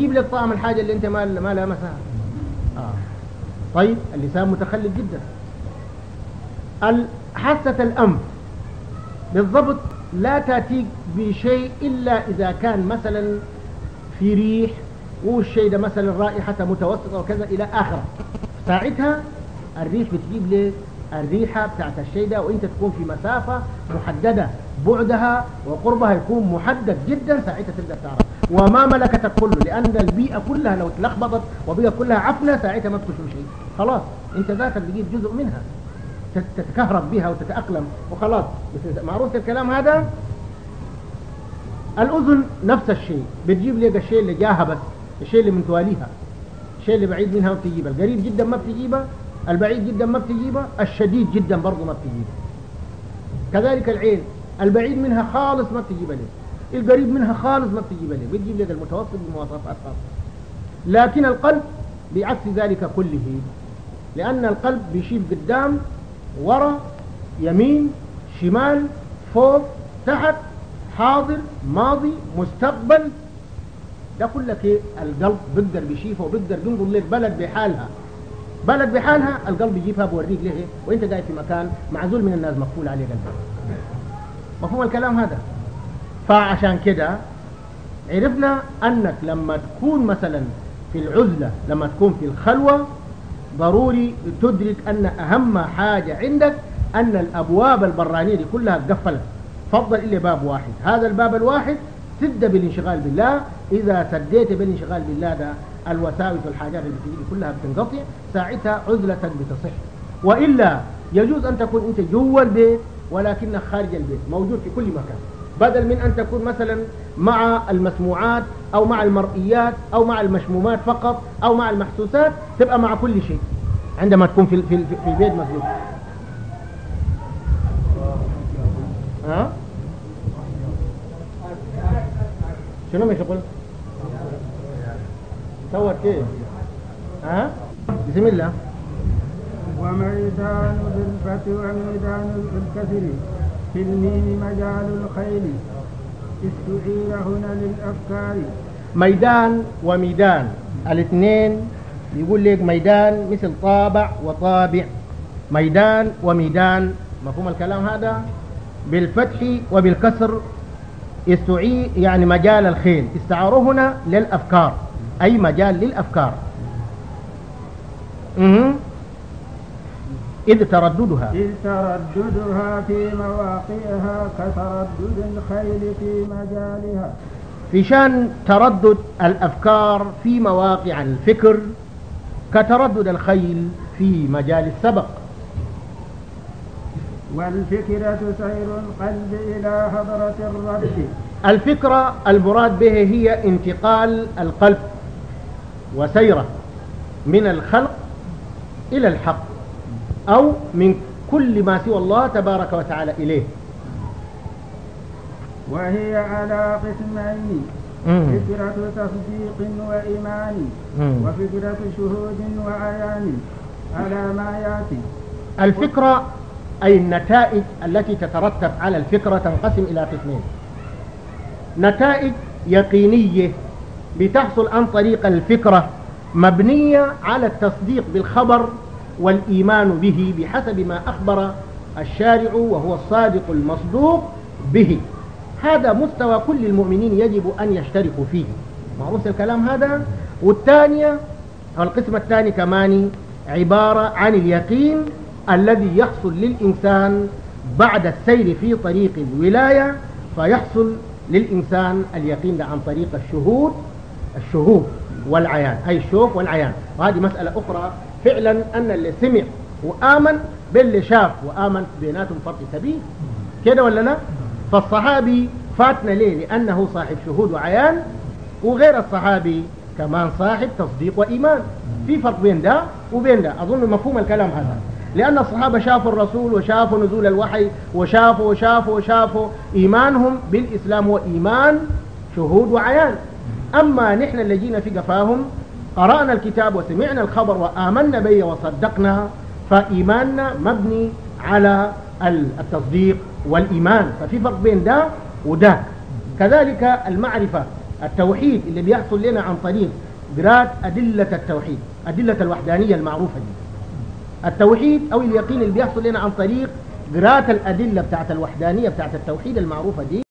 يجيب لك طعم الحاجة اللي أنت ما ما لامسها آه. طيب اللسان متخلف جدا حاسة الأنف بالضبط لا تأتيك بشيء إلا إذا كان مثلا في ريح والشيء ده مثلا رائحة متوسطة وكذا إلى آخره ساعتها الريح بتجيب لي الريحة بتاعت الشيء ده وانت تكون في مسافة محددة بعدها وقربها يكون محدد جدا ساعتها تبدا تعرف وما ملكتك كله لان البيئه كلها لو تلخبطت وبيئه كلها عفنه ساعتها ما بتشوف شيء خلاص انت ذاتك بقيت جزء منها تتكهرب بها وتتاقلم وخلاص معروف الكلام هذا الاذن نفس الشيء بتجيب لك الشيء اللي جاها بس الشيء اللي من تواليها الشيء اللي بعيد منها ما بتجيبه القريب جدا ما بتجيبه البعيد جدا ما بتجيبه الشديد جدا برضه ما بتجيبه كذلك العين البعيد منها خالص ما بتجيبها ليه القريب منها خالص ما بتجيبها ليه بتجيب لك المتوسط بمواصفات خاصة لكن القلب بعكس ذلك كله لأن القلب بيشيل قدام ورا يمين شمال فوق تحت حاضر ماضي مستقبل ده كل ايه القلب بيقدر بيشيفه وبيقدر ينظر لك بلد بحالها بلد بحالها القلب يجيبها بوريك ليه وانت قاعد في مكان معزول من الناس مقفول عليه قلبك مفهوم الكلام هذا فعشان كده عرفنا أنك لما تكون مثلا في العزلة لما تكون في الخلوة ضروري تدرك أن أهم حاجة عندك أن الأبواب البرانية دي كلها اتقفلت فضل الا باب واحد هذا الباب الواحد تبدا بالانشغال بالله إذا سديت بالانشغال بالله ده الوساوس والحاجات اللي بتجي كلها بتنقطع ساعتها عزلتك بتصح وإلا يجوز أن تكون أنت جوا البيت ولكنها خارج البيت موجود في كل مكان بدل من أن تكون مثلا مع المسموعات أو مع المرئيات أو مع المشمومات فقط أو مع المحسوسات تبقى مع كل شيء عندما تكون في, في, في البيت مسجد ها؟ شنو مش يقول سوت كيف ها بسم الله وميدان بالفة وميدان بالكسر في الميم مجال الخيل استعير هنا للأفكار ميدان وميدان الاثنين بيقول لك ميدان مثل طابع وطابع ميدان وميدان مفهوم الكلام هذا بالفتح وبالكسر استعي يعني مجال الخيل استعاره هنا للأفكار أي مجال للأفكار إذ ترددها إذ ترددها في مواقعها كتردد الخيل في مجالها في شان تردد الأفكار في مواقع الفكر كتردد الخيل في مجال السبق والفكرة سير القلب إلى حضرة الرب الفكرة المراد به هي انتقال القلب وسيره من الخلق إلى الحق أو من كل ما سوى الله تبارك وتعالى إليه وهي على قسمين فكرة تصديق وإيمان وفكرة شهود وعيان على ما يأتي الفكرة أي النتائج التي تترتب على الفكرة تنقسم إلى قسمين نتائج يقينية بتحصل عن طريق الفكرة مبنية على التصديق بالخبر والإيمان به بحسب ما أخبر الشارع وهو الصادق المصدوق به هذا مستوى كل المؤمنين يجب أن يشتركوا فيه معروف الكلام هذا والثانية أو القسم الثاني كمان عبارة عن اليقين الذي يحصل للإنسان بعد السير في طريق الولاية فيحصل للإنسان اليقين عن طريق الشهود الشهود والعيان أي الشوف والعيان وهذه مسألة أخرى فعلا أن اللي سمع وآمن باللي شاف وآمن بيناتهم فرق سبيل كده ولا لا فالصحابي فاتنا ليه لأنه صاحب شهود وعيان وغير الصحابي كمان صاحب تصديق وإيمان في فرق بين ده وبين ده أظن مفهوم الكلام هذا لأن الصحابة شافوا الرسول وشافوا نزول الوحي وشافوا وشافوا وشافوا إيمانهم بالإسلام هو إيمان شهود وعيان أما نحن اللي جينا في قفاهم قرأنا الكتاب وسمعنا الخبر وآمنا به وصدقنا فإيماننا مبني على التصديق والإيمان ففي فرق بين ده وده كذلك المعرفة التوحيد اللي بيحصل لنا عن طريق قراءة أدلة التوحيد أدلة الوحدانية المعروفة دي التوحيد أو اليقين اللي بيحصل لنا عن طريق قراءة الأدلة بتاعت الوحدانية بتاعت التوحيد المعروفة دي